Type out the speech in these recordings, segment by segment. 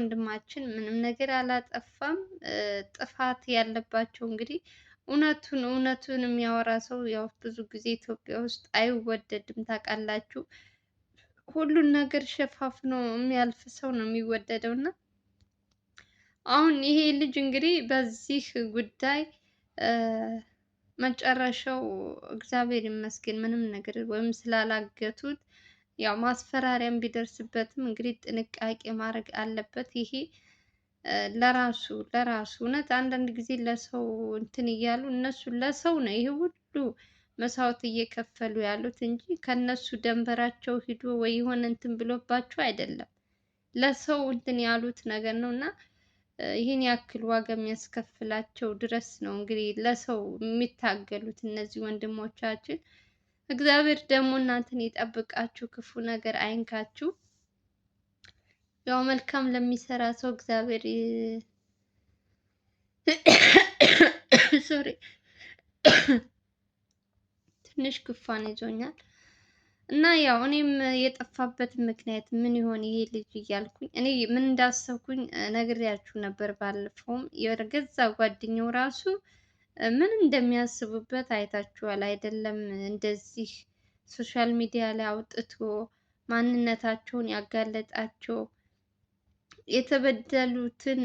ወንድማችን ምንም ነገር አላጠፋም። ጥፋት ያለባቸው እንግዲህ እውነቱን እውነቱን የሚያወራ ሰው ያው ብዙ ጊዜ ኢትዮጵያ ውስጥ አይወደድም ታውቃላችሁ። ሁሉን ነገር ሸፋፍኖ የሚያልፍ ሰው ነው የሚወደደው እና አሁን ይሄ ልጅ እንግዲህ በዚህ ጉዳይ መጨረሻው እግዚአብሔር ይመስገን ምንም ነገር ወይም ስላላገቱት ያው ማስፈራሪያም ቢደርስበትም እንግዲህ ጥንቃቄ ማድረግ አለበት። ይሄ ለራሱ ለራሱ እውነት አንዳንድ ጊዜ ለሰው እንትን እያሉ እነሱ ለሰው ነው ይሄ ሁሉ መስዋዕት እየከፈሉ ያሉት እንጂ ከነሱ ደንበራቸው ሂዶ ወይ የሆነ እንትን ብሎባቸው አይደለም። ለሰው እንትን ያሉት ነገር ነው እና ይህን ያክል ዋጋ የሚያስከፍላቸው ድረስ ነው እንግዲህ ለሰው የሚታገሉት እነዚህ ወንድሞቻችን። እግዚአብሔር ደግሞ እናንተን ይጠብቃችሁ፣ ክፉ ነገር አይንካችሁ። ያው መልካም ለሚሰራ ሰው እግዚአብሔር ሶሪ፣ ትንሽ ጉንፋን ይዞኛል እና ያው እኔም የጠፋበት ምክንያት ምን ይሆን ይሄ ልጅ እያልኩኝ እኔ ምን እንዳሰብኩኝ ነግሬያችሁ ነበር ባለፈውም የገዛ ጓደኛው ራሱ ምን እንደሚያስቡበት አይታችኋል አይደለም? እንደዚህ ሶሻል ሚዲያ ላይ አውጥቶ ማንነታቸውን ያጋለጣቸው የተበደሉትን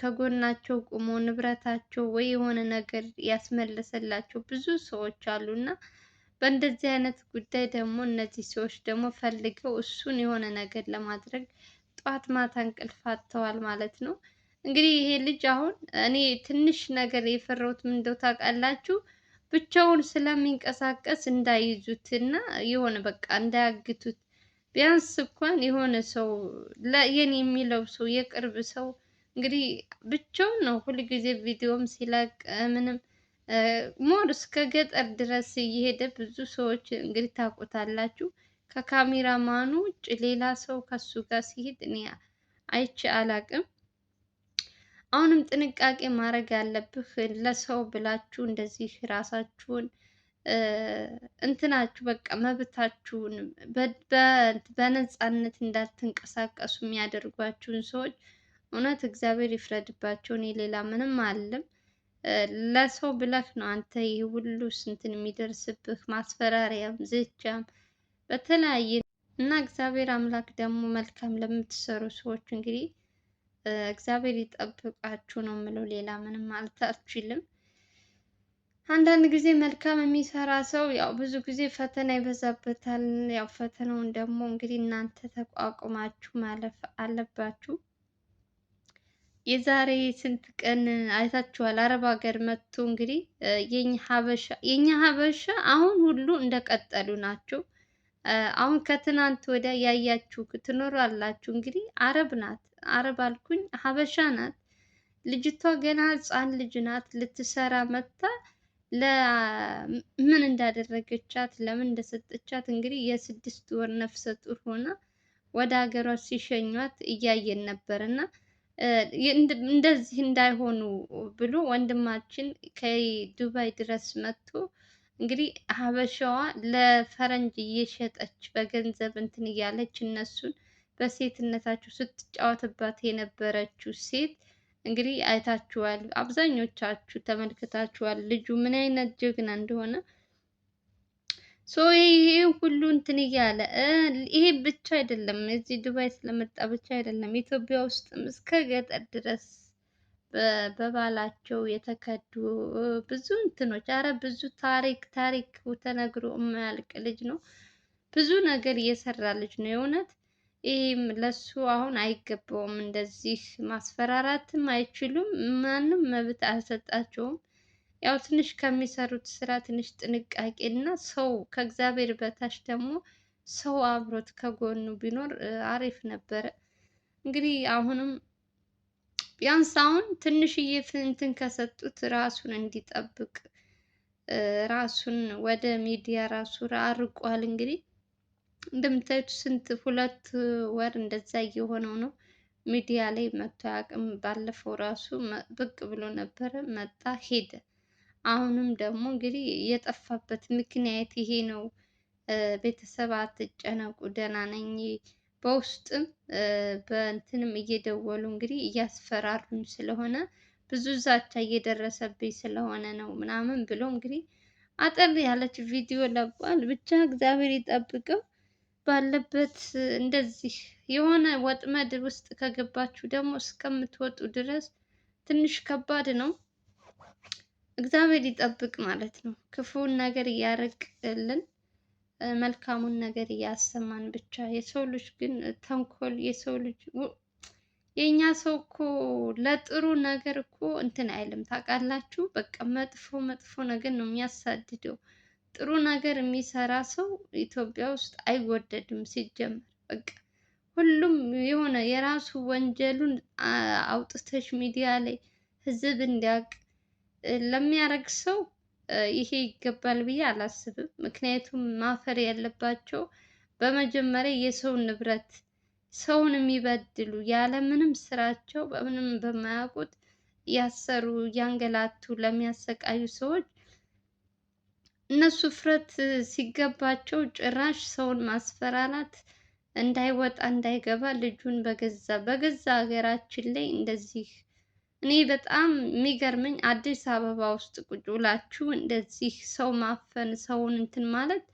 ከጎናቸው ቁሞ ንብረታቸው ወይ የሆነ ነገር ያስመለሰላቸው ብዙ ሰዎች አሉ እና በእንደዚህ አይነት ጉዳይ ደግሞ እነዚህ ሰዎች ደግሞ ፈልገው እሱን የሆነ ነገር ለማድረግ ጠዋት ማታ እንቅልፍ አጥተዋል ማለት ነው። እንግዲህ ይሄ ልጅ አሁን እኔ ትንሽ ነገር የፈራሁት ምንደው ታውቃላችሁ፣ ብቻውን ስለሚንቀሳቀስ እንዳይዙት እና የሆነ በቃ እንዳያግቱት። ቢያንስ እንኳን የሆነ ሰው ለየን የሚለው ሰው የቅርብ ሰው እንግዲህ ብቻውን ነው ሁልጊዜ ቪዲዮም ሲለቅ ምንም ሞር እስከ ገጠር ድረስ እየሄደ ብዙ ሰዎች እንግዲህ ታውቁታላችሁ። ከካሜራማኑ ውጭ ሌላ ሰው ከሱ ጋር ሲሄድ እኔ አይቼ አላቅም። አሁንም ጥንቃቄ ማድረግ ያለብህ ለሰው ብላችሁ እንደዚህ ራሳችሁን እንትናችሁ በቃ መብታችሁን በነፃነት እንዳትንቀሳቀሱ የሚያደርጓችሁን ሰዎች እውነት እግዚአብሔር ይፍረድባቸው። እኔ ሌላ ምንም አለም። ለሰው ብለህ ነው አንተ ይህ ሁሉ ስንትን የሚደርስብህ ማስፈራሪያም፣ ዝቻም በተለያየ እና እግዚአብሔር አምላክ ደግሞ መልካም ለምትሰሩ ሰዎች እንግዲህ እግዚአብሔር ይጠብቃችሁ ነው የምለው። ሌላ ምንም ማለት አልችልም። አንዳንድ ጊዜ መልካም የሚሰራ ሰው ያው ብዙ ጊዜ ፈተና ይበዛበታል። ያው ፈተናውን ደግሞ እንግዲህ እናንተ ተቋቁማችሁ ማለፍ አለባችሁ። የዛሬ ስንት ቀን አይታችኋል? አረብ ሀገር መጥቶ እንግዲህ የኛ ሀበሻ የኛ ሀበሻ አሁን ሁሉ እንደቀጠሉ ናቸው። አሁን ከትናንት ወዲያ ያያችሁ ትኖራላችሁ። እንግዲህ አረብ ናት፣ አረብ አልኩኝ ሀበሻ ናት። ልጅቷ ገና ህፃን ልጅ ናት። ልትሰራ መጥታ ለምን እንዳደረገቻት ለምን እንደሰጠቻት እንግዲህ የስድስት ወር ነፍሰ ጡር ሆና ወደ ሀገሯ ሲሸኟት እያየን ነበር እና እንደዚህ እንዳይሆኑ ብሎ ወንድማችን ከዱባይ ድረስ መጥቶ እንግዲህ ሀበሻዋ ለፈረንጅ እየሸጠች በገንዘብ እንትን እያለች እነሱን በሴትነታቸው ስትጫወትባት የነበረችው ሴት እንግዲህ አይታችኋል፣ አብዛኞቻችሁ ተመልክታችኋል ልጁ ምን አይነት ጀግና እንደሆነ። ሶ ይሄ ሁሉ እንትን እያለ ይሄ ብቻ አይደለም፣ እዚህ ዱባይ ስለመጣ ብቻ አይደለም፣ ኢትዮጵያ ውስጥም እስከ ገጠር ድረስ በባላቸው የተከዱ ብዙ እንትኖች፣ አረ ብዙ ታሪክ ታሪክ ተነግሮ የማያልቅ ልጅ ነው። ብዙ ነገር እየሰራ ልጅ ነው የእውነት። ይህም ለሱ አሁን አይገባውም። እንደዚህ ማስፈራራትም አይችሉም። ማንም መብት አልሰጣቸውም። ያው ትንሽ ከሚሰሩት ስራ ትንሽ ጥንቃቄ እና ሰው ከእግዚአብሔር በታች ደግሞ ሰው አብሮት ከጎኑ ቢኖር አሪፍ ነበረ። እንግዲህ አሁንም ቢያንስ አሁን ትንሽዬ እንትን ከሰጡት ራሱን እንዲጠብቅ ራሱን ወደ ሚዲያ ራሱ አርቋል። እንግዲህ እንደምታዩት ስንት ሁለት ወር እንደዛ እየሆነው ነው ሚዲያ ላይ መቶ አያውቅም። ባለፈው ራሱ ብቅ ብሎ ነበረ፣ መጣ ሄደ። አሁንም ደግሞ እንግዲህ የጠፋበት ምክንያት ይሄ ነው። ቤተሰብ አትጨነቁ፣ ደህና ነኝ በውስጥም በእንትንም እየደወሉ እንግዲህ እያስፈራሩኝ ስለሆነ ብዙ ዛቻ እየደረሰብኝ ስለሆነ ነው ምናምን ብሎ እንግዲህ አጠር ያለች ቪዲዮ ለቋል። ብቻ እግዚአብሔር ይጠብቀው። ባለበት እንደዚህ የሆነ ወጥመድ ውስጥ ከገባችሁ ደግሞ እስከምትወጡ ድረስ ትንሽ ከባድ ነው። እግዚአብሔር ይጠብቅ ማለት ነው። ክፉን ነገር እያርቅልን። መልካሙን ነገር እያሰማን ብቻ። የሰው ልጅ ግን ተንኮል የሰው ልጅ የእኛ ሰው እኮ ለጥሩ ነገር እኮ እንትን አይልም ታውቃላችሁ። በቃ መጥፎ መጥፎ ነገር ነው የሚያሳድደው። ጥሩ ነገር የሚሰራ ሰው ኢትዮጵያ ውስጥ አይወደድም ሲጀመር። በቃ ሁሉም የሆነ የራሱ ወንጀሉን አውጥተሽ ሚዲያ ላይ ህዝብ እንዲያውቅ ለሚያደርግ ሰው ይሄ ይገባል ብዬ አላስብም። ምክንያቱም ማፈር ያለባቸው በመጀመሪያ የሰው ንብረት ሰውን የሚበድሉ ያለምንም ስራቸው በምንም በማያውቁት እያሰሩ እያንገላቱ ለሚያሰቃዩ ሰዎች እነሱ ፍረት ሲገባቸው ጭራሽ ሰውን ማስፈራራት እንዳይወጣ እንዳይገባ ልጁን በገዛ በገዛ ሀገራችን ላይ እንደዚህ እኔ በጣም የሚገርመኝ አዲስ አበባ ውስጥ ቁጭ ብላችሁ እንደዚህ ሰው ማፈን ሰውን እንትን ማለት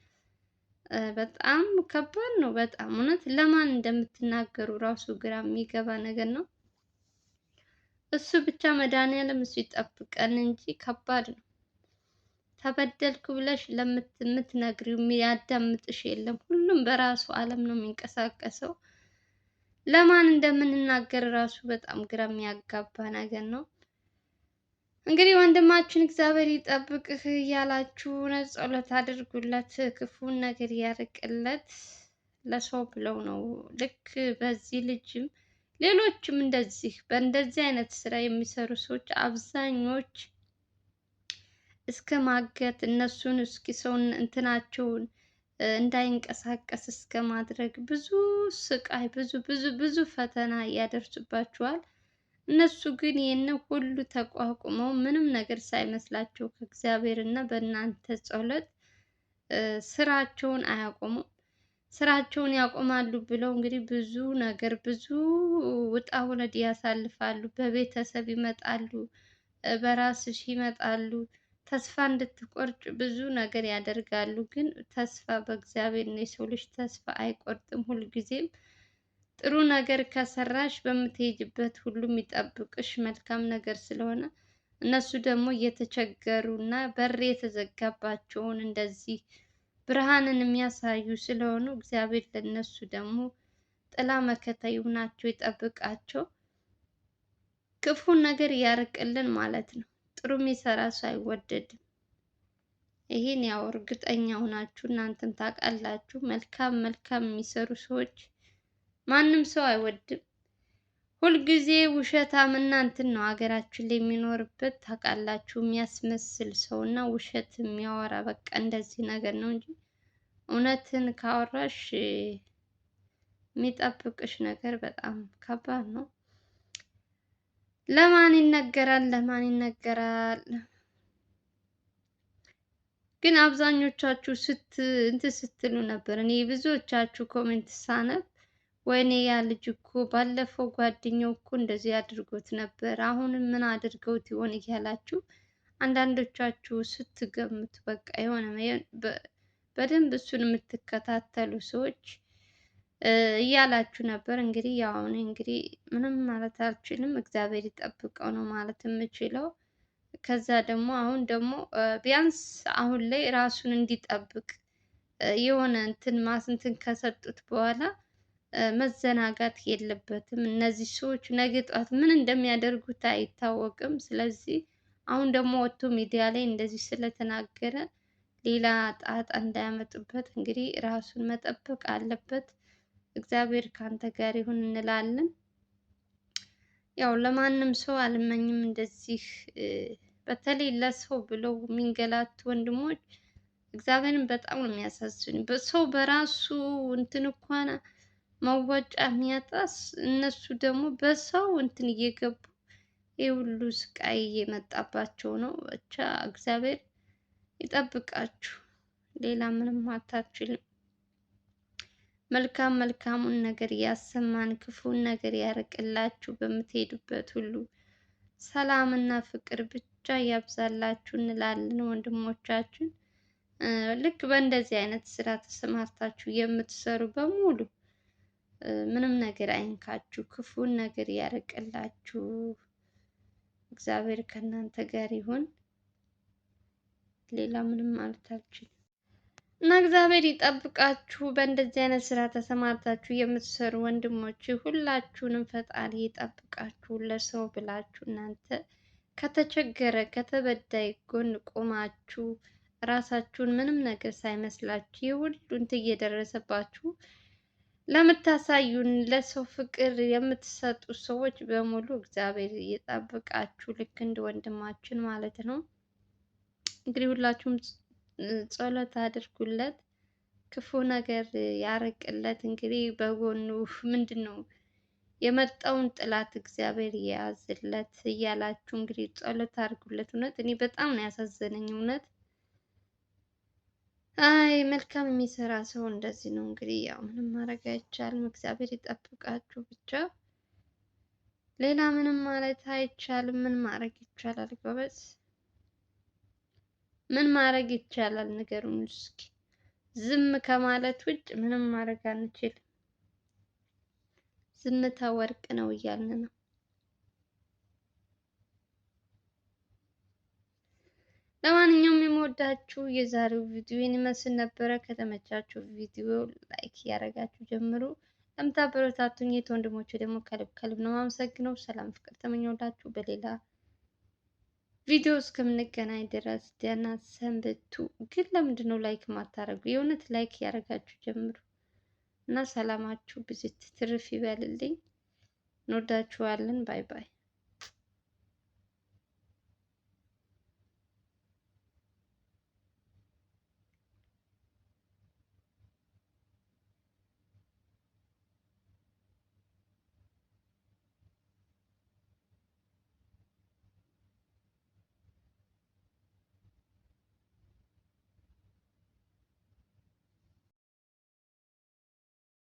በጣም ከባድ ነው። በጣም እውነት ለማን እንደምትናገሩ ራሱ ግራ የሚገባ ነገር ነው። እሱ ብቻ መድኃኒዓለም እሱ ይጠብቀን እንጂ ከባድ ነው። ተበደልኩ ብለሽ ለምትነግሪው የሚያዳምጥሽ የለም። ሁሉም በራሱ ዓለም ነው የሚንቀሳቀሰው። ለማን እንደምንናገር ራሱ በጣም ግራ የሚያጋባ ነገር ነው። እንግዲህ ወንድማችን እግዚአብሔር ይጠብቅህ እያላችሁ ጸሎት አድርጉለት፣ ክፉን ነገር ያርቅለት። ለሰው ብለው ነው። ልክ በዚህ ልጅም ሌሎችም እንደዚህ በእንደዚህ አይነት ስራ የሚሰሩ ሰዎች አብዛኞች እስከ ማገት እነሱን እስኪ ሰውን እንትናቸውን እንዳይንቀሳቀስ እስከ ማድረግ ብዙ ስቃይ፣ ብዙ ብዙ ብዙ ፈተና ያደርሱባቸዋል። እነሱ ግን ይህን ሁሉ ተቋቁመው ምንም ነገር ሳይመስላቸው ከእግዚአብሔር እና በእናንተ ጸሎት ስራቸውን አያቆሙም። ስራቸውን ያቆማሉ ብለው እንግዲህ ብዙ ነገር ብዙ ውጣ ውረድ ያሳልፋሉ። በቤተሰብ ይመጣሉ፣ በራስሽ ይመጣሉ። ተስፋ እንድትቆርጭ ብዙ ነገር ያደርጋሉ። ግን ተስፋ በእግዚአብሔር ነው። የሰው ልጅ ተስፋ አይቆርጥም። ሁልጊዜም ጥሩ ነገር ከሰራሽ በምትሄጅበት ሁሉ የሚጠብቅሽ መልካም ነገር ስለሆነ እነሱ ደግሞ እየተቸገሩ እና በር የተዘጋባቸውን እንደዚህ ብርሃንን የሚያሳዩ ስለሆኑ እግዚአብሔር ለእነሱ ደግሞ ጥላ መከታ ይሁናቸው፣ ይጠብቃቸው፣ ክፉን ነገር ያርቅልን ማለት ነው። ጥሩ የሚሰራ ሰው አይወደድም። ይህን ያው እርግጠኛ ሆናችሁ እናንተም ታውቃላችሁ። መልካም መልካም የሚሰሩ ሰዎች ማንም ሰው አይወድም። ሁልጊዜ ውሸታም እናንትን ነው ሀገራችን ላይ የሚኖርበት ታውቃላችሁ። የሚያስመስል ሰው እና ውሸት የሚያወራ በቃ እንደዚህ ነገር ነው እንጂ እውነትን ካወራሽ የሚጠብቅሽ ነገር በጣም ከባድ ነው። ለማን ይነገራል? ለማን ይነገራል? ግን አብዛኞቻችሁ ስት እንትን ስትሉ ነበር። እኔ ብዙዎቻችሁ ኮሜንት ሳነብ ወይኔ ያ ልጅ እኮ ባለፈው ጓደኛው እኮ እንደዚህ አድርጎት ነበር፣ አሁንም ምን አድርገውት ይሆን እያላችሁ አንዳንዶቻችሁ ስትገምቱ በቃ የሆነ በደንብ እሱን የምትከታተሉ ሰዎች እያላችሁ ነበር። እንግዲህ ያው እኔ እንግዲህ ምንም ማለት አልችልም። እግዚአብሔር ይጠብቀው ነው ማለት የምችለው። ከዛ ደግሞ አሁን ደግሞ ቢያንስ አሁን ላይ ራሱን እንዲጠብቅ የሆነ እንትን ማስንትን ከሰጡት በኋላ መዘናጋት የለበትም። እነዚህ ሰዎች ነገ ምን እንደሚያደርጉት አይታወቅም። ስለዚህ አሁን ደግሞ ወጥቶ ሚዲያ ላይ እንደዚህ ስለተናገረ ሌላ ጣጣ እንዳያመጡበት እንግዲህ ራሱን መጠበቅ አለበት። እግዚአብሔር ካንተ ጋር ይሁን እንላለን። ያው ለማንም ሰው አልመኝም እንደዚህ በተለይ ለሰው ብለው የሚንገላቱ ወንድሞች እግዚአብሔርን በጣም ነው የሚያሳዝኑ። ሰው በራሱ እንትን እንኳን መወጫ የሚያጣስ እነሱ ደግሞ በሰው እንትን እየገቡ ይህ ሁሉ ስቃይ እየመጣባቸው ነው። ብቻ እግዚአብሔር ይጠብቃችሁ። ሌላ ምንም አታችልም። መልካም መልካሙን ነገር ያሰማን፣ ክፉን ነገር ያርቅላችሁ። በምትሄዱበት ሁሉ ሰላምና ፍቅር ብቻ ያብዛላችሁ እንላለን ወንድሞቻችን። ልክ በእንደዚህ አይነት ስራ ተሰማርታችሁ የምትሰሩ በሙሉ ምንም ነገር አይንካችሁ፣ ክፉን ነገር ያርቅላችሁ። እግዚአብሔር ከእናንተ ጋር ይሁን። ሌላ ምንም ማለት አልችልም። እና እግዚአብሔር ይጠብቃችሁ። በእንደዚህ አይነት ስራ ተሰማርታችሁ የምትሰሩ ወንድሞች ሁላችሁንም ፈጣሪ ይጠብቃችሁ። ለሰው ብላችሁ እናንተ ከተቸገረ ከተበዳይ ጎን ቆማችሁ ራሳችሁን ምንም ነገር ሳይመስላችሁ የሁሉን እየደረሰባችሁ ለምታሳዩን ለሰው ፍቅር የምትሰጡ ሰዎች በሙሉ እግዚአብሔር ይጠብቃችሁ። ልክ እንደ ወንድማችን ማለት ነው። እንግዲህ ሁላችሁም ጸሎት አድርጉለት፣ ክፉ ነገር ያርቅለት። እንግዲህ በጎኑ ምንድን ነው የመጣውን ጥላት እግዚአብሔር የያዝለት እያላችሁ እንግዲህ ጸሎት አድርጉለት። እውነት እኔ በጣም ነው ያሳዘነኝ። እውነት አይ መልካም የሚሰራ ሰው እንደዚህ ነው። እንግዲህ ያው ምንም ማድረግ አይቻልም። እግዚአብሔር ይጠብቃችሁ ብቻ። ሌላ ምንም ማለት አይቻልም። ምን ማድረግ ይቻላል ጎበዝ? ምን ማድረግ ይቻላል? ነገሩን እስኪ። ዝም ከማለት ውጭ ምንም ማድረግ አንችልም። ዝምታ ወርቅ ነው እያልን ነው። ለማንኛውም የምወዳችሁ የዛሬው ቪዲዮ ይመስል ነበረ። ከተመቻችሁ ቪዲዮ ላይክ እያደረጋችሁ ጀምሩ። ለምታበረታቱኝ የት ወንድሞቼ ደግሞ ከልብ ከልብ ነው ማመሰግነው። ሰላም ፍቅር ተመኘሁላችሁ። በሌላ ቪዲዮ እስከምንገናኝ ድረስ ደህና ሰንብቱ። ግን ለምንድን ነው ላይክ ማታረጉ? የእውነት ላይክ ያደረጋችሁ ጀምሩ እና ሰላማችሁ ብዝት ትርፍ ይበልልኝ። እንወዳችኋለን። ባይ ባይ።